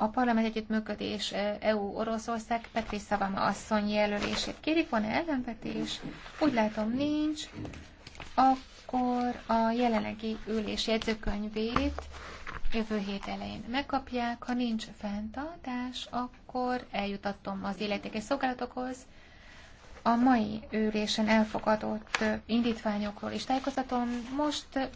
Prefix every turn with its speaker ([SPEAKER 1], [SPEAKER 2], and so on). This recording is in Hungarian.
[SPEAKER 1] a parlament együttműködés EU-Oroszország Petri Szavama asszony jelölését. Kérik, van-e ellenvetés? Úgy látom, nincs. Akkor a jelenlegi ülés jegyzőkönyvét jövő hét elején megkapják. Ha nincs fenntartás, akkor eljutatom az illetékes szolgálatokhoz. A mai ülésen elfogadott indítványokról is tájékoztatom. Most